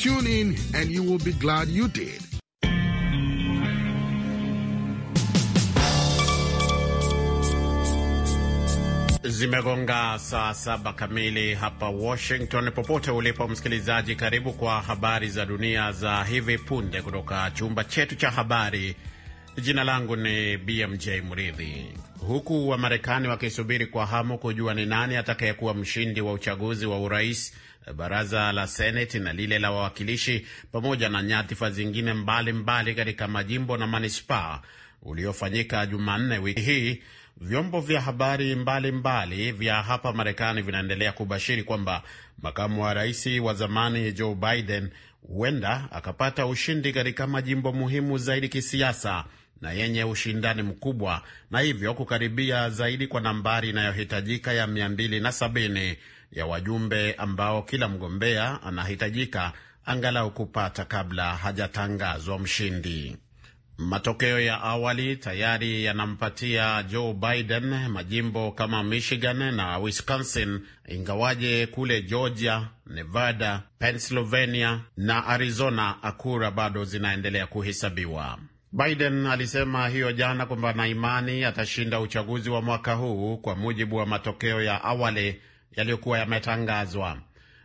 Tune in and you will be glad you did. Zimegonga saa saba kamili hapa Washington. Popote ulipo msikilizaji, karibu kwa habari za dunia za hivi punde kutoka chumba chetu cha habari. Jina langu ni BMJ Mridhi. Huku Wamarekani wakisubiri kwa hamu kujua ni nani atakayekuwa mshindi wa uchaguzi wa urais baraza la seneti na lile la wawakilishi pamoja na nyadhifa zingine mbalimbali katika majimbo na manispaa uliofanyika Jumanne wiki hii, vyombo vya habari mbalimbali mbali vya hapa Marekani vinaendelea kubashiri kwamba makamu wa rais wa zamani Joe Biden huenda akapata ushindi katika majimbo muhimu zaidi kisiasa na yenye ushindani mkubwa na hivyo kukaribia zaidi kwa nambari inayohitajika ya 27 ya wajumbe ambao kila mgombea anahitajika angalau kupata kabla hajatangazwa mshindi. Matokeo ya awali tayari yanampatia Joe Biden majimbo kama Michigan na Wisconsin, ingawaje kule Georgia, Nevada, Pennsylvania na Arizona akura bado zinaendelea kuhesabiwa. Biden alisema hiyo jana kwamba na imani atashinda uchaguzi wa mwaka huu kwa mujibu wa matokeo ya awali yaliyokuwa yametangazwa.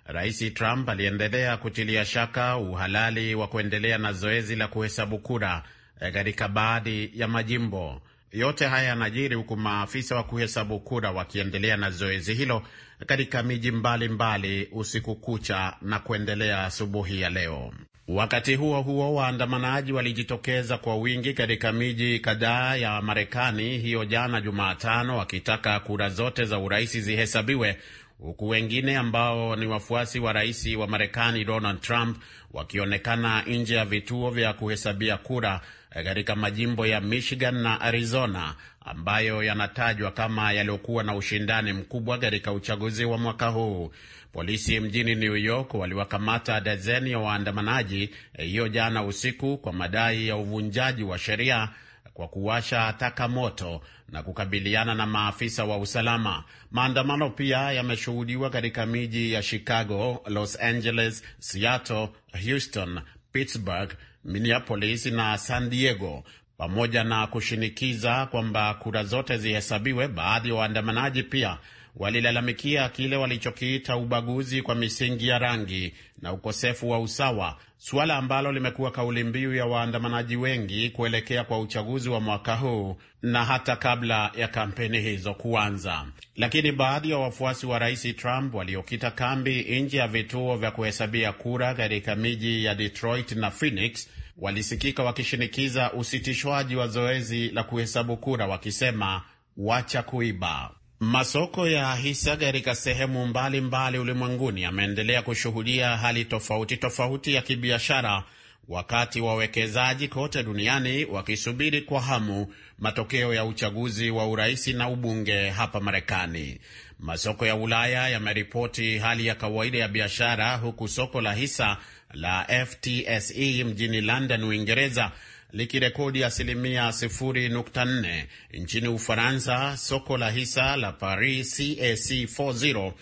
Rais Trump aliendelea kutilia shaka uhalali wa kuendelea na zoezi la kuhesabu kura eh, katika baadhi ya majimbo. Yote haya yanajiri huku maafisa wa kuhesabu kura wakiendelea na zoezi hilo katika miji mbalimbali usiku kucha na kuendelea asubuhi ya leo. Wakati huo huo, waandamanaji walijitokeza kwa wingi katika miji kadhaa ya Marekani hiyo jana Jumatano, wakitaka kura zote za urais zihesabiwe, huku wengine ambao ni wafuasi wa rais wa Marekani Donald Trump wakionekana nje ya vituo vya kuhesabia kura katika majimbo ya Michigan na Arizona ambayo yanatajwa kama yaliyokuwa na ushindani mkubwa katika uchaguzi wa mwaka huu. Polisi mjini New York waliwakamata dazeni ya waandamanaji eh, hiyo jana usiku kwa madai ya uvunjaji wa sheria kwa kuwasha taka moto na kukabiliana na maafisa wa usalama. Maandamano pia yameshuhudiwa katika miji ya Chicago, Los Angeles, Seattle, Houston, Pittsburgh, Minneapolis na San Diego. Pamoja na kushinikiza kwamba kura zote zihesabiwe, baadhi ya waandamanaji pia walilalamikia kile walichokiita ubaguzi kwa misingi ya rangi na ukosefu wa usawa, suala ambalo limekuwa kauli mbiu ya waandamanaji wengi kuelekea kwa uchaguzi wa mwaka huu na hata kabla ya kampeni hizo kuanza. Lakini baadhi ya wafuasi wa rais Trump waliokita kambi nje ya vituo vya kuhesabia kura katika miji ya Detroit na Phoenix walisikika wakishinikiza usitishwaji wa zoezi la kuhesabu kura, wakisema wacha kuiba. Masoko ya hisa katika sehemu mbalimbali ulimwenguni yameendelea kushuhudia hali tofauti tofauti ya kibiashara, wakati wawekezaji kote duniani wakisubiri kwa hamu matokeo ya uchaguzi wa urais na ubunge hapa Marekani. Masoko ya Ulaya yameripoti hali ya kawaida ya biashara, huku soko la hisa la FTSE mjini London, Uingereza likirekodi asilimia 0.4. Nchini Ufaransa, soko la hisa la Paris CAC 40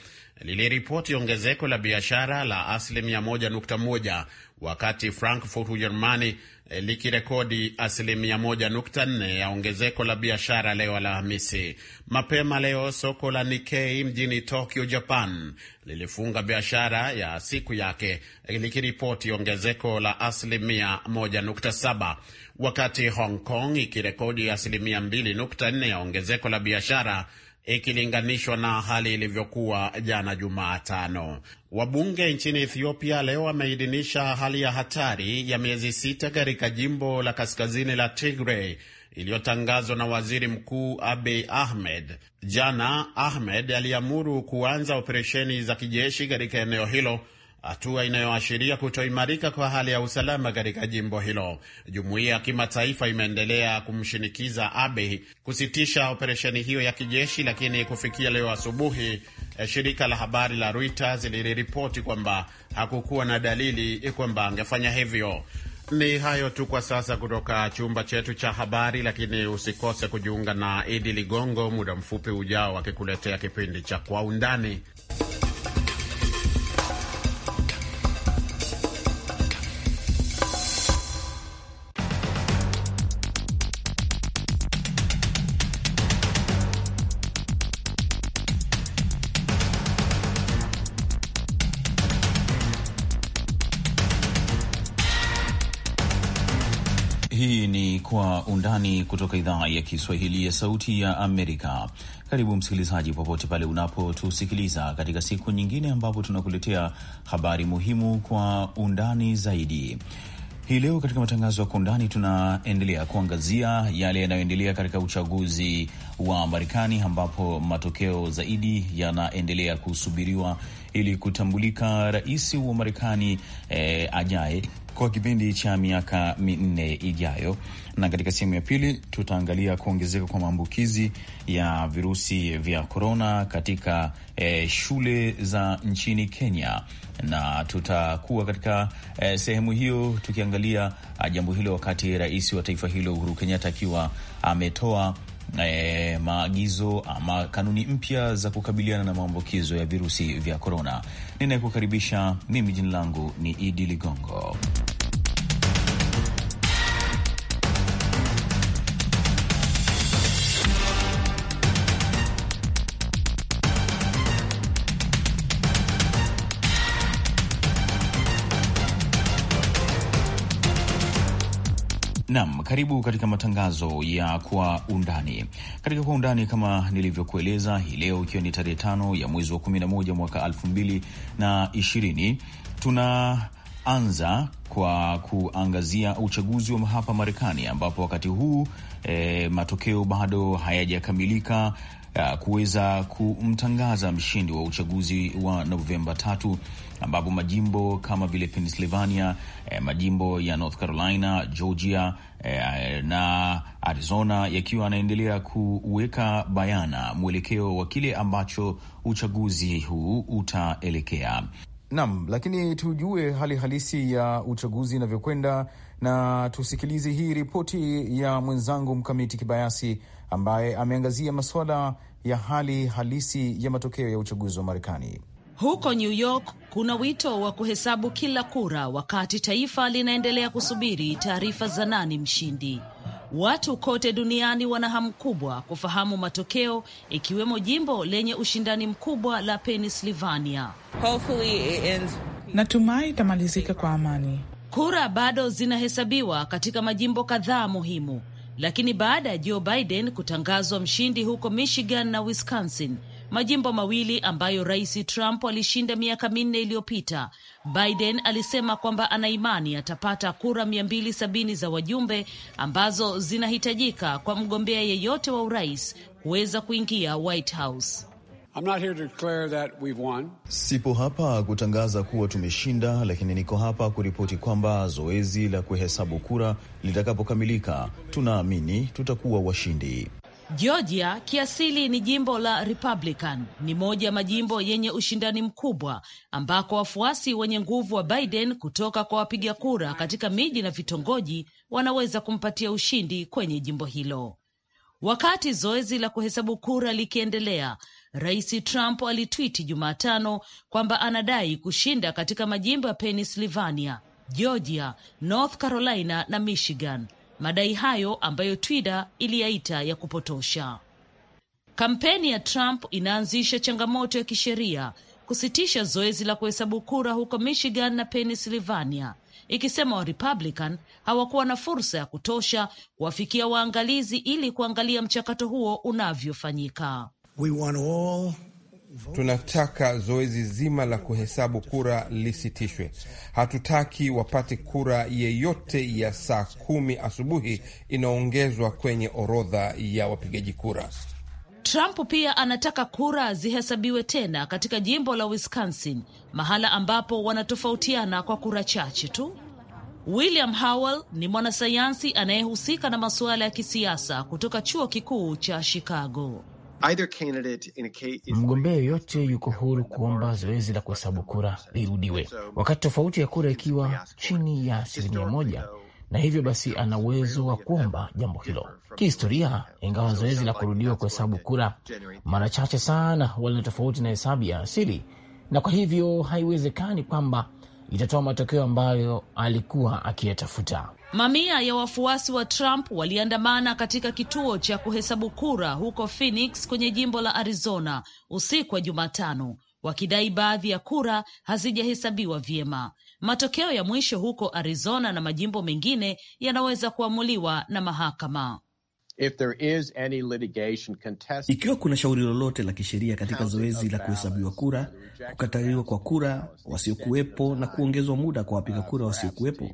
liliripoti ongezeko la biashara la asilimia 1.1 wakati Frankfurt, Ujerumani eh, likirekodi asilimia 1.4 ya ongezeko la biashara leo Alhamisi. Mapema leo soko la Nikkei mjini Tokyo, Japan lilifunga biashara ya siku yake eh, likiripoti ongezeko la asilimia 1.7 wakati Hong Kong ikirekodi asilimia 2.4 ya ongezeko la biashara ikilinganishwa na hali ilivyokuwa jana Jumatano. Wabunge nchini Ethiopia leo wameidhinisha hali ya hatari ya miezi sita katika jimbo la kaskazini la Tigray iliyotangazwa na waziri mkuu Abiy Ahmed. Jana Ahmed aliamuru kuanza operesheni za kijeshi katika eneo hilo hatua inayoashiria kutoimarika kwa hali ya usalama katika jimbo hilo. Jumuiya ya kimataifa imeendelea kumshinikiza Abe kusitisha operesheni hiyo ya kijeshi, lakini kufikia leo asubuhi eh, shirika la habari la Reuters liliripoti kwamba hakukuwa na dalili kwamba angefanya hivyo. Ni hayo tu kwa sasa kutoka chumba chetu cha habari, lakini usikose kujiunga na Idi Ligongo muda mfupi ujao akikuletea kipindi cha Kwa Undani. undani kutoka idhaa ya Kiswahili ya Sauti ya Amerika. Karibu msikilizaji, popote pale unapotusikiliza katika siku nyingine ambapo tunakuletea habari muhimu kwa undani zaidi. Hii leo katika matangazo ya kwa undani tunaendelea kuangazia yale yanayoendelea katika uchaguzi wa Marekani ambapo matokeo zaidi yanaendelea kusubiriwa ili kutambulika rais wa Marekani eh, ajaye kwa kipindi cha miaka minne ijayo. Na katika sehemu ya pili tutaangalia kuongezeka kwa maambukizi ya virusi vya korona katika eh, shule za nchini Kenya, na tutakuwa katika eh, sehemu hiyo tukiangalia ah, jambo hilo wakati rais wa taifa hilo Uhuru Kenyatta akiwa ametoa eh, maagizo ama kanuni mpya za kukabiliana na maambukizo ya virusi vya korona. Ninayekukaribisha mimi, jina langu ni Idi Ligongo. Nam, karibu katika matangazo ya kwa undani. Katika kwa undani, kama nilivyokueleza, hii leo ikiwa ni tarehe tano ya mwezi wa 11 mwaka 2020 tunaanza kwa kuangazia uchaguzi wa hapa Marekani, ambapo wakati huu e, matokeo bado hayajakamilika eh, kuweza kumtangaza mshindi wa uchaguzi wa Novemba tatu ambapo majimbo kama vile Pennsylvania, eh, majimbo ya North Carolina, Georgia eh, na Arizona yakiwa yanaendelea kuweka bayana mwelekeo wa kile ambacho uchaguzi huu utaelekea. Naam, lakini tujue hali halisi ya uchaguzi inavyokwenda na tusikilize hii ripoti ya mwenzangu Mkamiti Kibayasi ambaye ameangazia masuala ya hali halisi ya matokeo ya uchaguzi wa Marekani. Huko New York kuna wito wa kuhesabu kila kura, wakati taifa linaendelea kusubiri taarifa za nani mshindi. Watu kote duniani wana hamu kubwa kufahamu matokeo, ikiwemo jimbo lenye ushindani mkubwa la Pennsylvania. Natumai itamalizika kwa amani. Kura bado zinahesabiwa katika majimbo kadhaa muhimu, lakini baada ya Joe Biden kutangazwa mshindi huko Michigan na Wisconsin majimbo mawili ambayo Rais Trump alishinda miaka minne iliyopita. Biden alisema kwamba ana imani atapata kura 270 za wajumbe ambazo zinahitajika kwa mgombea yeyote wa urais kuweza kuingia White House. I'm not here to declare that we've won. Sipo hapa kutangaza kuwa tumeshinda, lakini niko hapa kuripoti kwamba zoezi la kuhesabu kura litakapokamilika, tunaamini tutakuwa washindi. Georgia kiasili ni jimbo la Republican, ni moja ya majimbo yenye ushindani mkubwa ambako wafuasi wenye nguvu wa Biden kutoka kwa wapiga kura katika miji na vitongoji wanaweza kumpatia ushindi kwenye jimbo hilo. Wakati zoezi la kuhesabu kura likiendelea, Rais Trump alitwiti Jumatano kwamba anadai kushinda katika majimbo ya Pennsylvania, Georgia, North Carolina na Michigan madai hayo ambayo Twitter iliyaita ya kupotosha. Kampeni ya Trump inaanzisha changamoto ya kisheria kusitisha zoezi la kuhesabu kura huko Michigan na Pennsylvania, ikisema Warepublican hawakuwa na fursa ya kutosha kuwafikia waangalizi ili kuangalia mchakato huo unavyofanyika. Tunataka zoezi zima la kuhesabu kura lisitishwe. Hatutaki wapate kura yeyote ya saa kumi asubuhi inaongezwa kwenye orodha ya wapigaji kura. Trump pia anataka kura zihesabiwe tena katika jimbo la Wisconsin, mahala ambapo wanatofautiana kwa kura chache tu. William Howell ni mwanasayansi anayehusika na masuala ya kisiasa kutoka chuo kikuu cha Chicago. Mgombea yoyote yuko huru kuomba zoezi la kuhesabu kura lirudiwe, wakati tofauti ya kura ikiwa chini ya asilimia moja, na hivyo basi ana uwezo wa kuomba jambo hilo kihistoria. Ingawa zoezi la kurudiwa kuhesabu kura mara chache sana walina tofauti na hesabu ya asili, na kwa hivyo haiwezekani kwamba itatoa matokeo ambayo alikuwa akiyatafuta. Mamia ya wafuasi wa Trump waliandamana katika kituo cha kuhesabu kura huko Phoenix kwenye jimbo la Arizona usiku wa Jumatano, wakidai baadhi ya kura hazijahesabiwa vyema. Matokeo ya mwisho huko Arizona na majimbo mengine yanaweza kuamuliwa na mahakama. If there is any litigation ikiwa kuna shauri lolote la kisheria katika zoezi la kuhesabiwa kura, kukataliwa kwa kura wasiokuwepo na kuongezwa muda kwa wapiga uh, kura wasiokuwepo,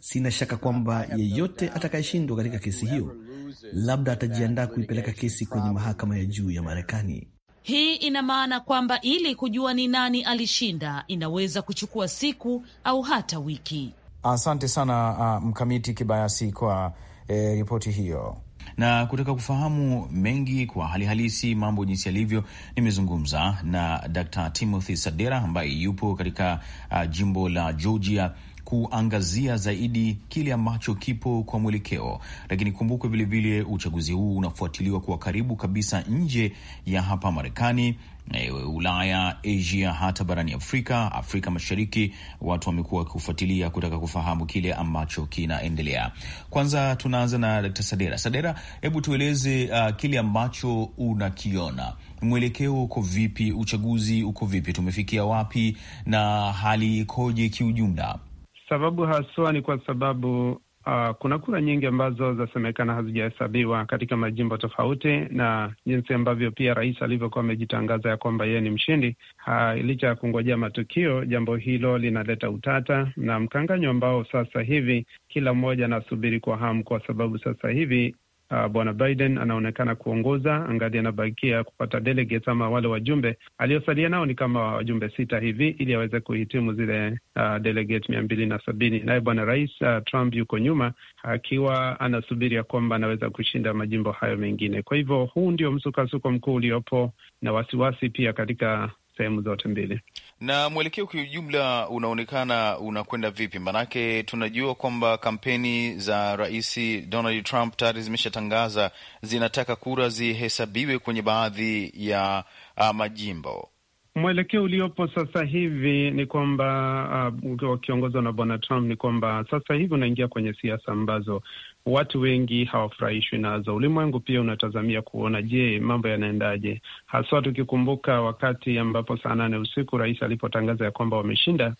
sina shaka uh, kwamba yeyote atakayeshindwa katika kesi hiyo labda atajiandaa kuipeleka kesi kwenye mahakama ya juu ya Marekani. Hii ina maana kwamba ili kujua ni nani alishinda inaweza kuchukua siku au hata wiki. Asante sana uh, Mkamiti Kibayasi kwa uh, ripoti hiyo na kutaka kufahamu mengi kwa hali halisi mambo jinsi yalivyo, nimezungumza na d Timothy Sadera ambaye yupo katika uh, jimbo la Georgia kuangazia zaidi kile ambacho kipo kwa mwelekeo, lakini kumbukwe vilevile uchaguzi huu unafuatiliwa kwa karibu kabisa nje ya hapa Marekani, Ulaya, Asia, hata barani Afrika, Afrika Mashariki, watu wamekuwa wakifuatilia kutaka kufahamu kile ambacho kinaendelea. Kwanza tunaanza na Dkt. Sadera. Sadera, hebu tueleze uh, kile ambacho unakiona, mwelekeo uko vipi? Uchaguzi uko vipi? Tumefikia wapi na hali ikoje kiujumla? Sababu haswa ni kwa sababu Uh, kuna kura nyingi ambazo zasemekana hazijahesabiwa katika majimbo tofauti, na jinsi ambavyo pia rais alivyokuwa amejitangaza ya kwamba yeye ni mshindi. Uh, licha ya kungojea matukio, jambo hilo linaleta utata na mkanganyo ambao sasa hivi kila mmoja anasubiri kwa hamu, kwa sababu sasa hivi uh, bwana Biden anaonekana kuongoza angali anabakia kupata delegates ama wale wajumbe aliyosalia nao ni kama wajumbe sita hivi ili aweze kuhitimu zile uh, delegate mia mbili na sabini. Naye bwana rais uh, Trump yuko nyuma akiwa anasubiri ya kwamba anaweza kushinda majimbo hayo mengine. Kwa hivyo huu ndio msukasuko mkuu uliopo na wasiwasi pia katika sehemu zote mbili. Na mwelekeo kiujumla unaonekana unakwenda vipi? Maanake tunajua kwamba kampeni za Rais Donald Trump tayari zimeshatangaza zinataka kura zihesabiwe kwenye baadhi ya uh, majimbo. Mwelekeo uliopo sasa hivi ni kwamba wakiongozwa uh, na bwana Trump ni kwamba sasa hivi unaingia kwenye siasa ambazo watu wengi hawafurahishwi nazo. Ulimwengu pia unatazamia kuona, je, mambo yanaendaje, haswa tukikumbuka wakati ambapo saa nane usiku rais alipotangaza ya kwamba wameshinda.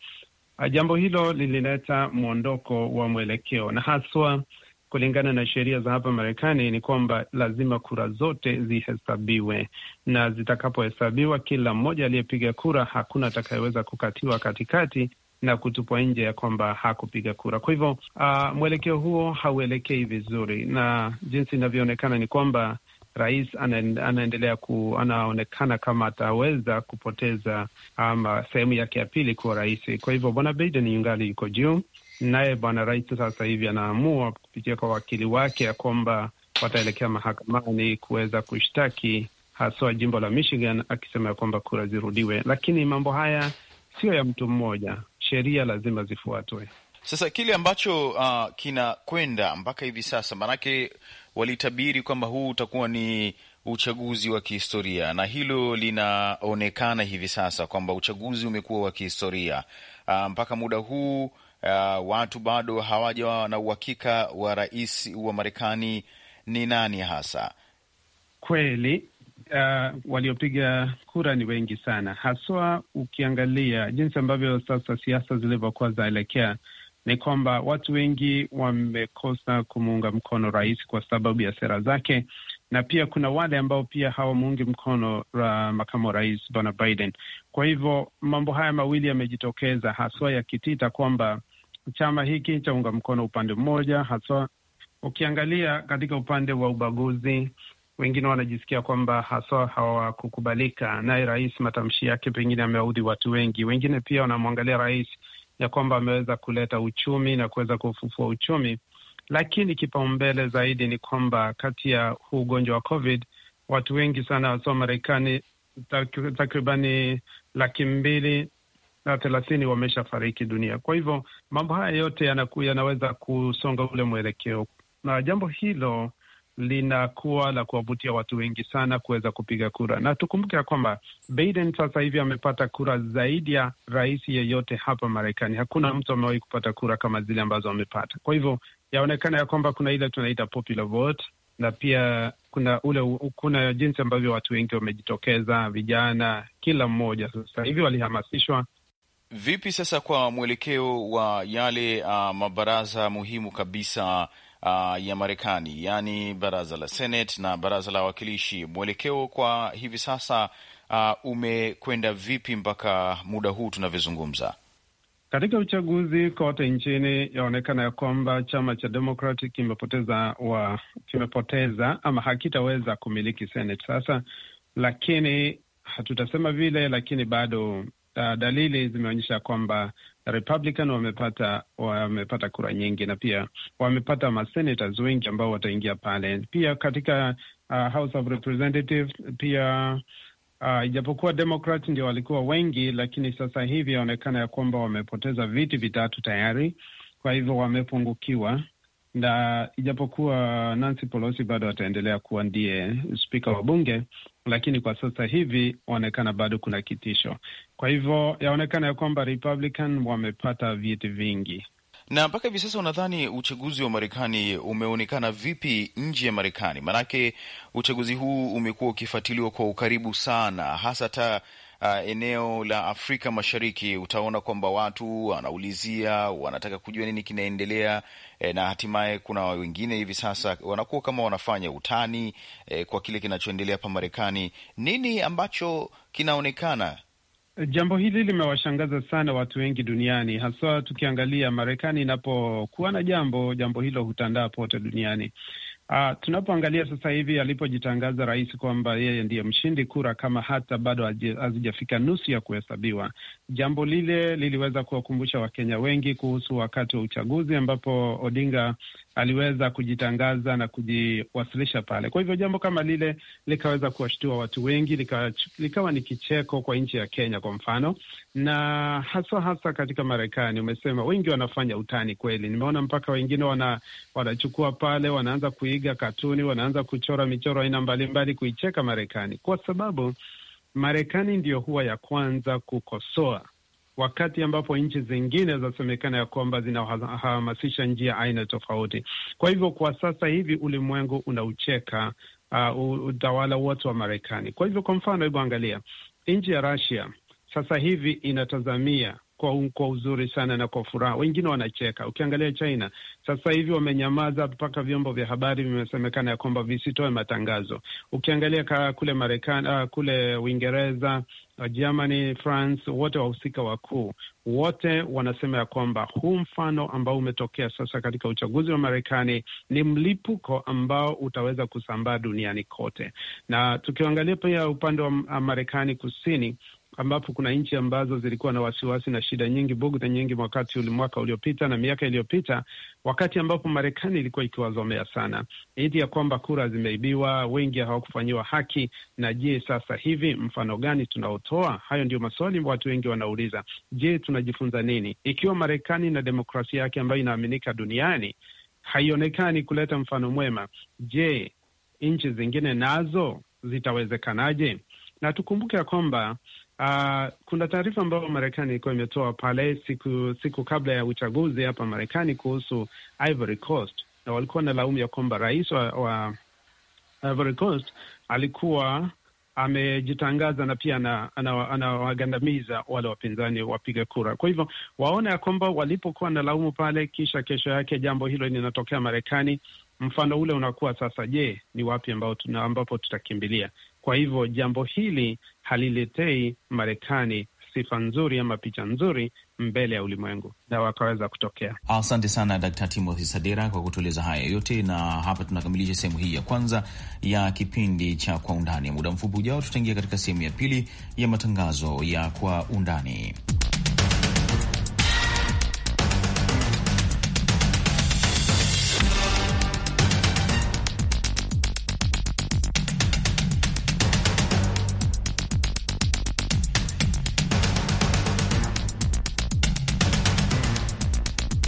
Ah, jambo hilo lilileta mwondoko wa mwelekeo na haswa kulingana na sheria za hapa Marekani ni kwamba lazima kura zote zihesabiwe, na zitakapohesabiwa, kila mmoja aliyepiga kura, hakuna atakayeweza kukatiwa katikati na kutupwa nje ya kwamba hakupiga kura. Kwa hivyo uh, mwelekeo huo hauelekei vizuri, na jinsi inavyoonekana ni kwamba rais anaendelea ku, anaonekana kama ataweza kupoteza ama ah, sehemu yake ya pili kuwa rais. Kwa hivyo bwana Biden yungali yuko juu, naye bwana rais sasa hivi anaamua kupitia kwa wakili wake ya kwamba wataelekea mahakamani kuweza kushtaki haswa jimbo la Michigan, akisema ya kwamba kura zirudiwe, lakini mambo haya siyo ya mtu mmoja sheria lazima zifuatwe. Sasa kile ambacho uh, kinakwenda mpaka hivi sasa, maanake walitabiri kwamba huu utakuwa ni uchaguzi wa kihistoria, na hilo linaonekana hivi sasa kwamba uchaguzi umekuwa wa kihistoria uh, mpaka muda huu uh, watu bado hawaja na uhakika wa rais wa Marekani ni nani hasa kweli uh, waliopiga kura ni wengi sana, haswa ukiangalia jinsi ambavyo sasa siasa zilivyokuwa zaelekea ni kwamba watu wengi wamekosa kumuunga mkono rais kwa sababu ya sera zake, na pia kuna wale ambao pia hawamuungi mkono ra makamu wa rais bwana Biden. Kwa hivyo mambo haya mawili yamejitokeza, haswa yakitita kwamba chama hiki chaunga mkono upande mmoja, haswa ukiangalia katika upande wa ubaguzi wengine wanajisikia kwamba haswa hawakukubalika naye. Rais matamshi yake pengine amewaudhi watu wengi, wengine pia wanamwangalia rais ya kwamba ameweza kuleta uchumi na kuweza kufufua uchumi, lakini kipaumbele zaidi ni kwamba kati ya huu ugonjwa wa COVID watu wengi sana haswa Marekani takribani laki mbili na thelathini wameshafariki dunia. Kwa hivyo mambo haya yote yanaku, yanaweza kusonga ule mwelekeo na jambo hilo linakuwa la kuwavutia watu wengi sana kuweza kupiga kura, na tukumbuke ya kwamba Biden sasa hivi amepata kura zaidi ya rais yeyote hapa Marekani. Hakuna mtu amewahi kupata kura kama zile ambazo amepata. Kwa hivyo yaonekana ya kwamba kuna ile tunaita popular vote, na pia kuna ule kuna jinsi ambavyo watu wengi wamejitokeza, vijana, kila mmoja sasa hivi walihamasishwa. Vipi sasa kwa mwelekeo wa yale uh, mabaraza muhimu kabisa uh, ya Marekani, yaani baraza la Senate na baraza la wawakilishi, mwelekeo kwa hivi sasa uh, umekwenda vipi mpaka muda huu tunavyozungumza? Katika uchaguzi kote nchini yaonekana ya kwamba chama cha Demokrati kimepoteza wa kimepoteza ama hakitaweza kumiliki Senate sasa, lakini hatutasema vile, lakini bado uh, dalili zimeonyesha kwamba Republican wamepata wamepata kura nyingi na pia wamepata masenators wengi ambao wataingia pale pia katika uh, House of Representatives pia uh, ijapokuwa uh, Democrat ndio walikuwa wengi, lakini sasa hivi yaonekana ya kwamba wamepoteza viti vitatu tayari, kwa hivyo wamepungukiwa na ijapokuwa Nancy Pelosi bado ataendelea kuwa ndiye spika wa bunge, lakini kwa sasa hivi waonekana bado kuna kitisho. Kwa hivyo yaonekana ya kwamba Republican wamepata viti vingi. Na mpaka hivi sasa, unadhani uchaguzi wa Marekani umeonekana vipi nje ya Marekani? Maanake uchaguzi huu umekuwa ukifuatiliwa kwa ukaribu sana, hasa hata uh, eneo la Afrika Mashariki, utaona kwamba watu wanaulizia, wanataka kujua nini kinaendelea e, na hatimaye kuna wengine hivi sasa wanakuwa kama wanafanya utani e, kwa kile kinachoendelea hapa Marekani. Nini ambacho kinaonekana Jambo hili limewashangaza sana watu wengi duniani, haswa tukiangalia Marekani inapokuwa na jambo, jambo hilo hutandaa pote duniani. Uh, tunapoangalia sasa hivi alipojitangaza rais kwamba yeye ndiye mshindi kura, kama hata bado hazijafika nusu ya kuhesabiwa, jambo lile liliweza kuwakumbusha Wakenya wengi kuhusu wakati wa uchaguzi ambapo Odinga aliweza kujitangaza na kujiwasilisha pale. Kwa hivyo jambo kama lile likaweza kuwashtua watu wengi, likawa, likawa ni kicheko kwa nchi ya Kenya kwa mfano, na haswa hasa katika Marekani. Umesema wengi wanafanya utani kweli, nimeona mpaka wengine wana, wanachukua pale, wanaanza kuiga katuni, wanaanza kuchora michoro aina mbalimbali kuicheka Marekani, kwa sababu Marekani ndiyo huwa ya kwanza kukosoa wakati ambapo nchi zingine zinasemekana ya kwamba zinahamasisha njia aina tofauti. Kwa hivyo kwa sasa hivi ulimwengu unaucheka uh, utawala wote wa Marekani. Kwa hivyo kwa mfano, hebu angalia nchi ya Russia sasa hivi inatazamia kwa, kwa uzuri sana na kwa furaha, wengine wanacheka. Ukiangalia China sasa hivi wamenyamaza, mpaka vyombo vya habari vimesemekana ya kwamba visitoe matangazo. Ukiangalia kule Marekani, uh, kule Uingereza Uh, Germany, France, wote wahusika wakuu wote wanasema ya kwamba huu mfano ambao umetokea sasa katika uchaguzi wa Marekani ni mlipuko ambao utaweza kusambaa duniani kote. Na tukiangalia pia upande wa uh, Marekani kusini, ambapo kuna nchi ambazo zilikuwa na wasiwasi na shida nyingi, bugdha nyingi wakati uli mwaka uliopita na miaka iliyopita, wakati ambapo Marekani ilikuwa ikiwazomea sana idi ya kwamba kura zimeibiwa, wengi hawakufanyiwa haki. Na je, sasa hivi mfano gani tunaotoa? Hayo ndio maswali watu wengi wanauliza. Je, tunajifunza nini ikiwa Marekani na demokrasia yake ambayo inaaminika duniani haionekani kuleta mfano mwema? Je, nchi zingine nazo zitawezekanaje? Na tukumbuke ya kwamba Uh, kuna taarifa ambayo Marekani ilikuwa imetoa pale siku siku kabla ya uchaguzi hapa Marekani kuhusu Ivory Coast, na walikuwa na laumu ya kwamba rais wa, wa Ivory Coast alikuwa amejitangaza na pia anawagandamiza ana, ana wale wapinzani wapiga kura. Kwa hivyo waona ya kwamba walipokuwa na laumu pale, kisha kesho yake jambo hilo linatokea Marekani, mfano ule unakuwa sasa, je, ni wapi ambao tuna ambapo tutakimbilia? Kwa hivyo jambo hili haliletei Marekani sifa nzuri ama picha nzuri mbele ya ulimwengu na wakaweza kutokea. Asante sana Dkt. Timothy Sadera kwa kutueleza haya yote, na hapa tunakamilisha sehemu hii ya kwanza ya kipindi cha Kwa Undani. Muda mfupi ujao, tutaingia katika sehemu ya pili ya matangazo ya Kwa Undani.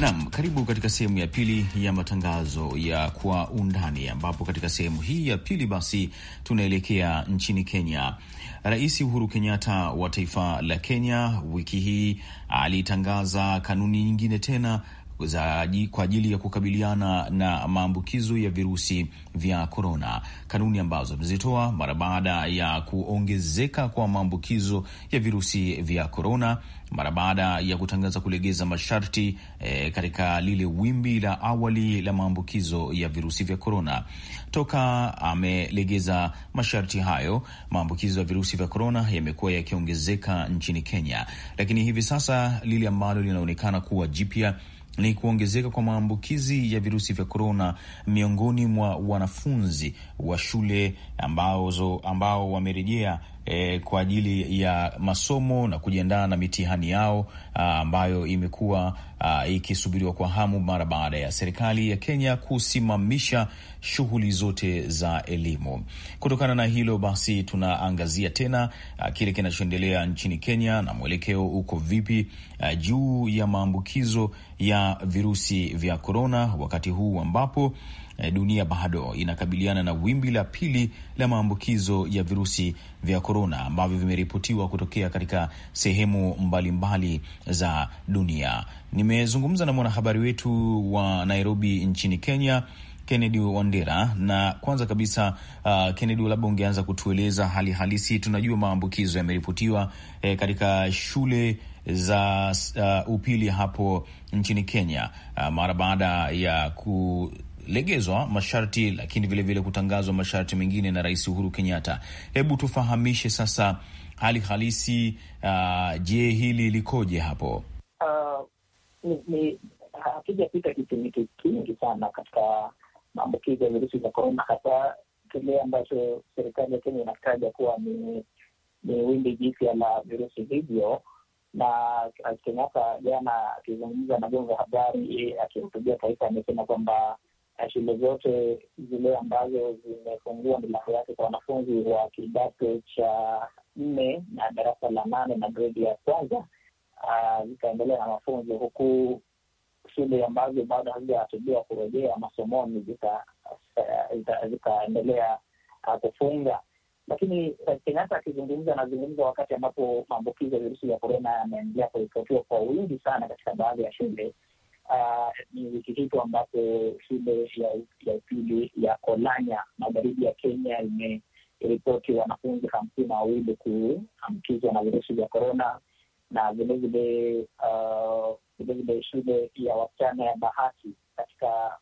Nam, karibu katika sehemu ya pili ya matangazo ya kwa undani, ambapo katika sehemu hii ya pili basi tunaelekea nchini Kenya. Rais Uhuru Kenyatta wa taifa la Kenya wiki hii alitangaza kanuni nyingine tena za kwa ajili ya kukabiliana na maambukizo ya virusi vya korona, kanuni ambazo amezitoa mara baada ya kuongezeka kwa maambukizo ya virusi vya korona, mara baada ya kutangaza kulegeza masharti e, katika lile wimbi la awali la maambukizo ya virusi vya korona. Toka amelegeza masharti hayo, maambukizo ya virusi vya korona yamekuwa yakiongezeka nchini Kenya, lakini hivi sasa lile ambalo linaonekana kuwa jipya ni kuongezeka kwa maambukizi ya virusi vya korona miongoni mwa wanafunzi wa shule ambao wamerejea eh, kwa ajili ya masomo na kujiandaa na mitihani yao ambayo imekuwa ah, ikisubiriwa kwa hamu mara baada ya serikali ya Kenya kusimamisha shughuli zote za elimu. Kutokana na hilo basi, tunaangazia tena ah, kile kinachoendelea nchini Kenya na mwelekeo uko vipi ah, juu ya maambukizo ya virusi vya korona wakati huu ambapo Eh, dunia bado inakabiliana na wimbi la pili la maambukizo ya virusi vya korona ambavyo vimeripotiwa kutokea katika sehemu mbalimbali mbali za dunia. Nimezungumza na mwanahabari wetu wa Nairobi nchini Kenya, Kennedy Wandera, na kwanza kabisa uh, Kennedy, labda ungeanza kutueleza hali halisi. Tunajua maambukizo yameripotiwa eh, katika shule za uh, upili hapo nchini Kenya uh, mara baada ya ku legezwa masharti, lakini vilevile kutangazwa masharti mengine na Rais Uhuru Kenyatta. Hebu tufahamishe sasa hali halisi. Uh, je, hili likoje hapo? Uh, hakijapita uh, kipindi kingi sana katika maambukizi ya virusi vya korona, hasa kile ambacho serikali ya Kenya inataja kuwa ni ni wimbi jipya la virusi hivyo. Na Kenyatta jana akizungumza na vyombo vya habari akihutubia taifa, amesema kwamba Eh, shule zote zile ambazo zimefungua milango yake kwa wanafunzi wa kidato cha nne na darasa la nane na gredi ya kwanza ah, zikaendelea na mafunzo, huku shule ambazo bado hazijawatubiwa kurejea masomoni zitaendelea eh, zita, ah, kufunga. Lakini eh, Kenyatta akizungumza, anazungumza wakati ambapo maambukizi ya virusi vya korona yameendelea kuripotiwa kwa wingi sana katika baadhi ya shule uh, ni wiki hitu ambapo shule ya upili ya, Kolanya magharibi ya Kenya imeripoti wanafunzi hamsini na wawili kuambukizwa na virusi vya korona na vilevile uh, shule ya wasichana ya Bahati katika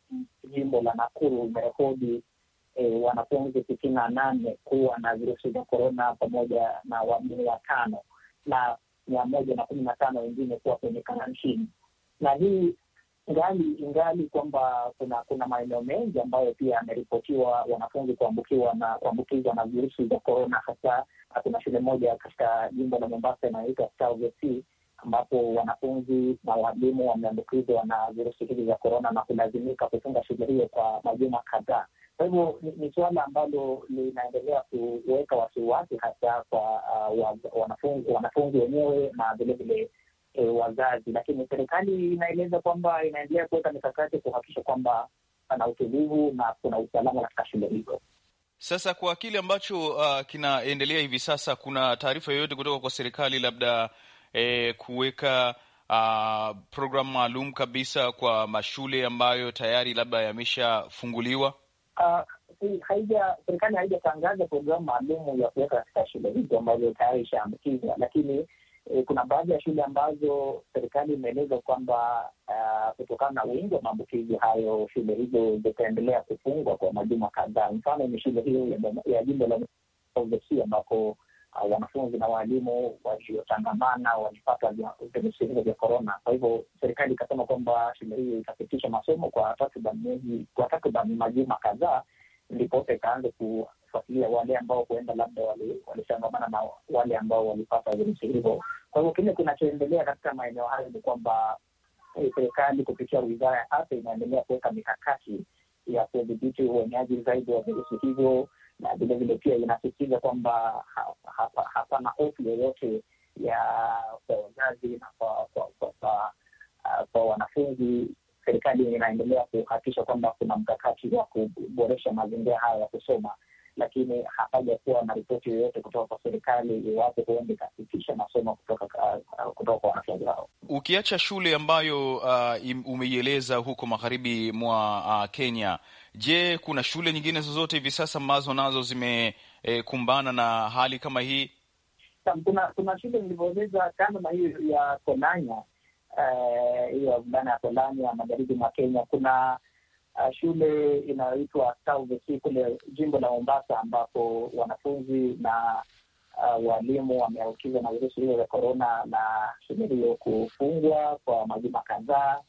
jimbo la Nakuru imerekodi e, wanafunzi sitini na nane kuwa na virusi vya korona pamoja na wageni watano na mia moja na kumi na tano wengine kuwa kwenye karantini. Na hii ngali ingali kwamba kuna kuna maeneo mengi ambayo pia yameripotiwa wanafunzi kuambukiwa na kuambukizwa na virusi vya korona. Hasa kuna shule moja katika jimbo la Mombasa inayoitwa ambapo wanafunzi na walimu wameambukizwa na virusi hivi vya korona na kulazimika kufunga shule hiyo kwa majuma kadhaa. Kwa hivyo ni suala ambalo linaendelea kuweka wasiwasi hasa kwa uh, wanafunzi wenyewe na vilevile e, eh, wazazi, lakini serikali inaeleza kwamba inaendelea kuweka mikakati kuhakikisha kwamba pana utulivu na kuna usalama katika shule hizo. Sasa kwa kile ambacho uh, kinaendelea hivi sasa, kuna taarifa yoyote kutoka kwa serikali labda eh, kuweka uh, programu maalum kabisa kwa mashule ambayo tayari labda yameshafunguliwa? Uh, haija serikali haijatangaza programu maalum ya kuweka katika shule hizo ambazo tayari ishaambukizwa, lakini E, kuna baadhi ya shule ambazo serikali imeeleza kwamba eh, kutokana uh, na wingi wa maambukizi hayo, shule hizo zitaendelea kufungwa kwa majuma kadhaa. Mfano ni shule hiyo ya jimbo la ambapo Uh, eh, wanafunzi na waalimu waliotangamana walipata virusi vya korona. Kwa hivyo serikali ikasema kwamba shule hiyo itapitisha masomo kwa takriban miezi, kwa takriban majuma kadhaa, ndiposa ikaanza kufuatilia wale ambao huenda labda walishangamana na wale ambao walipata virusi hivyo kwa hivyo kile kinachoendelea katika maeneo hayo ni kwamba eh, serikali kupitia wizara ya afya inaendelea kuweka mikakati ya kudhibiti ueneaji zaidi wa virusi hivyo, na vilevile pia inasisitiza kwamba hapana hapa hofu yoyote ya kwa wazazi na kwa kwa, kwa, kwa, uh, kwa wanafunzi. Serikali inaendelea kuhakikisha kwamba kuna mkakati wa kuboresha mazingira hayo ya kusoma lakini hapajakuwa na ripoti yoyote kutoka kwa serikali iwapo huenda ikasitisha masomo kutoka uh, kutoka kwa wanafunzi hao. Ukiacha shule ambayo uh, umeieleza huko magharibi mwa uh, Kenya, je, kuna shule nyingine zozote hivi sasa ambazo nazo zimekumbana eh, na hali kama hii? Kuna, kuna shule nilivyoeleza kando na hiyo ya Kolanya eh, hiyo uh, vulana ya Kolanya magharibi mwa Kenya kuna uh, shule inayoitwa kule jimbo la Mombasa, ambapo wanafunzi na uh, walimu wameambukizwa na virusi hivyo vya korona na shule hiyo kufungwa kwa majuma kadhaa.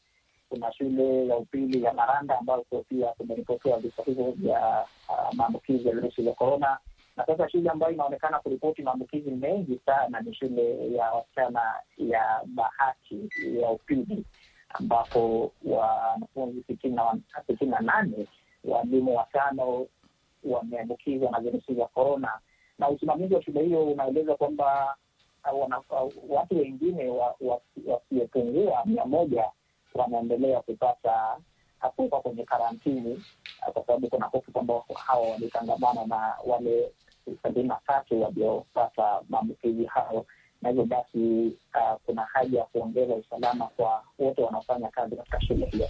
Kuna shule ya upili ya Maranda ambapo pia kumeripotiwa visa hivyo vya uh, maambukizi ya virusi vya korona na sasa shule ambayo inaonekana kuripoti maambukizi mengi sana ni shule ya wasichana ya Bahati ya upili ambapo wanafunzi sitini na nane walimu watano wameambukizwa na virusi vya korona, na usimamizi wa shule hiyo unaeleza kwamba uh, uh, watu wengine wasiopungua wa, wa, mia moja wanaendelea kupata kuwekwa kwenye karantini uh, kwa sababu kuna hofu kwamba hawa walitangamana na wale sabini na tatu waliopata maambukizi hayo na hivyo basi uh, kuna haja ya kuongeza usalama kwa wote wanaofanya kazi katika shule hiyo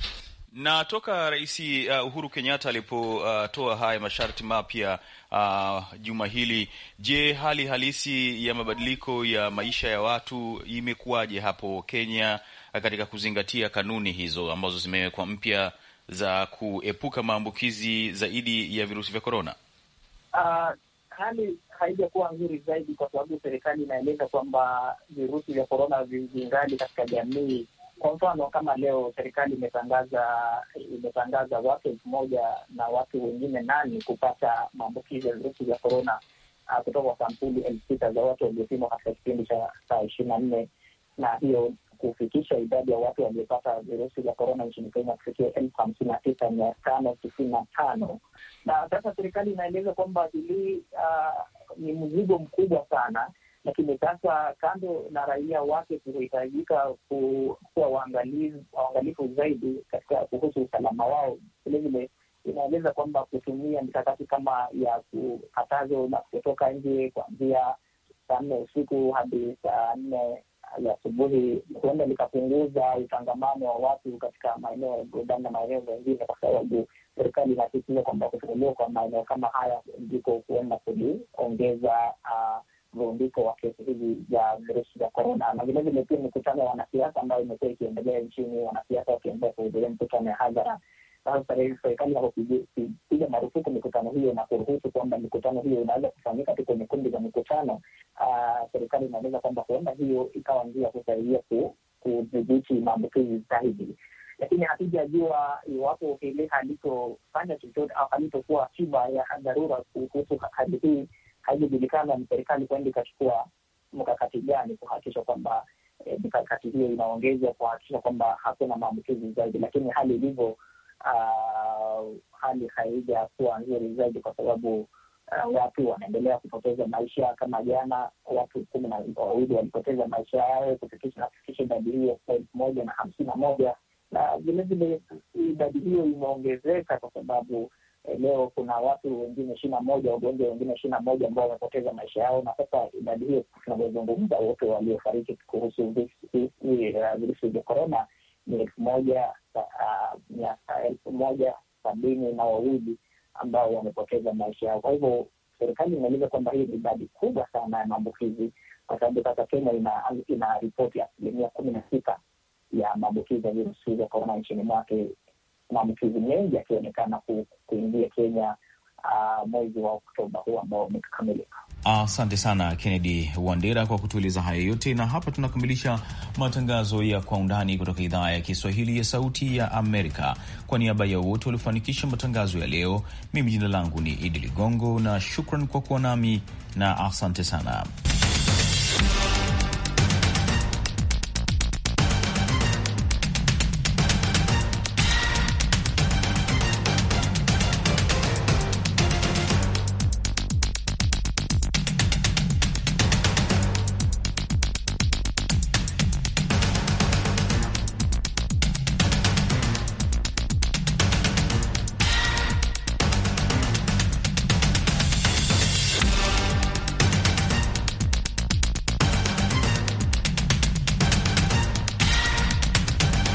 na toka Rais uh, Uhuru Kenyatta alipotoa uh, haya masharti mapya uh, juma hili, je, hali halisi ya mabadiliko ya maisha ya watu imekuwaje hapo Kenya uh, katika kuzingatia kanuni hizo ambazo zimewekwa mpya za kuepuka maambukizi zaidi ya virusi vya korona? Uh, hali haijakuwa nzuri zaidi, kwa sababu serikali inaeleza kwamba virusi vya korona vingali katika jamii. Kwa mfano kama leo serikali imetangaza imetangaza watu elfu moja na watu wengine nani kupata maambukizi ya virusi vya korona ah, kutoka kwa sampuli elfu sita za watu waliopimwa katika kipindi cha saa ishirini na nne na hiyo kufikisha idadi ya watu waliopata virusi vya korona nchini Kenya kufikia elfu hamsini na tisa mia tano sitini na tano na sasa serikali inaeleza kwamba hili uh, ni mzigo mkubwa sana lakini sasa kando na raia wake kuhitajika kuwa waangalifu zaidi katika kuhusu usalama wao, vilevile inaeleza kwamba kutumia mikakati kama ya kukatazo na kutoka nje kuanzia saa nne usiku hadi saa nne ya asubuhi huenda likapunguza utangamano wa watu katika maeneo ya burudani na maeneo mengine, kwa sababu serikali inasisitiza kwamba kufunguliwa kwa maeneo kama haya ndiko huenda kuliongeza ah, mrundiko wa kesi hizi za virusi vya korona, na vilevile pia mikutano ya wanasiasa ambayo imekuwa ikiendelea nchini, wanasiasa wakiendelea kuhudhuria mkutano ya hadhara sasa hivi serikali hakupiga marufuku mikutano hiyo na kuruhusu kwamba mikutano hiyo inaweza kufanyika tu kwenye kumbi za mikutano. Ah, serikali inaeleza kwamba huenda hiyo ikawa njia ya kusaidia kudhibiti maambukizi zaidi, lakini hatujajua iwapo hili halitofanya chochote au halitokuwa akiba ya dharura kuhusu hali hii. Haijajulikana ni serikali kwenda ikachukua mkakati gani kuhakikisha kwamba eh, mikakati hiyo inaongezwa kuhakikisha kwamba hakuna maambukizi zaidi, lakini hali ilivyo uh, hali haijakuwa nzuri zaidi, kwa sababu uh, watu wanaendelea kupoteza maisha. Kama jana watu kumi na wawili walipoteza maisha yao, kufikisha idadi hiyo kuwa elfu moja na hamsini na moja na vilevile idadi hiyo imeongezeka kwa sababu eh, leo kuna watu wengine ishirini na moja wagonjwa wengine ishirini na moja ambao wamepoteza maisha yao, na sasa idadi hiyo tunavyozungumza, wote waliofariki kuhusu virusi vya korona ni elfu moja Uh, miaka elfu moja sabini na wawili ambao wamepoteza maisha yao. Kwa hivyo serikali imeeleza kwamba hii ni idadi kubwa sana ya maambukizi, kwa sababu sasa Kenya ina, ina ripoti asilimia kumi na sita ya maambukizi ya virusi vya korona nchini mwake, maambukizi mengi yakionekana kuingia Kenya uh, mwezi wa Oktoba huu ambao umekamilika. Asante sana Kennedy Wandera kwa kutueleza haya yote, na hapa tunakamilisha matangazo ya Kwa Undani kutoka idhaa ya Kiswahili ya Sauti ya Amerika. Kwa niaba ya wote waliofanikisha matangazo ya leo, mimi jina langu ni Idi Ligongo na shukran kwa kuwa nami na asante sana.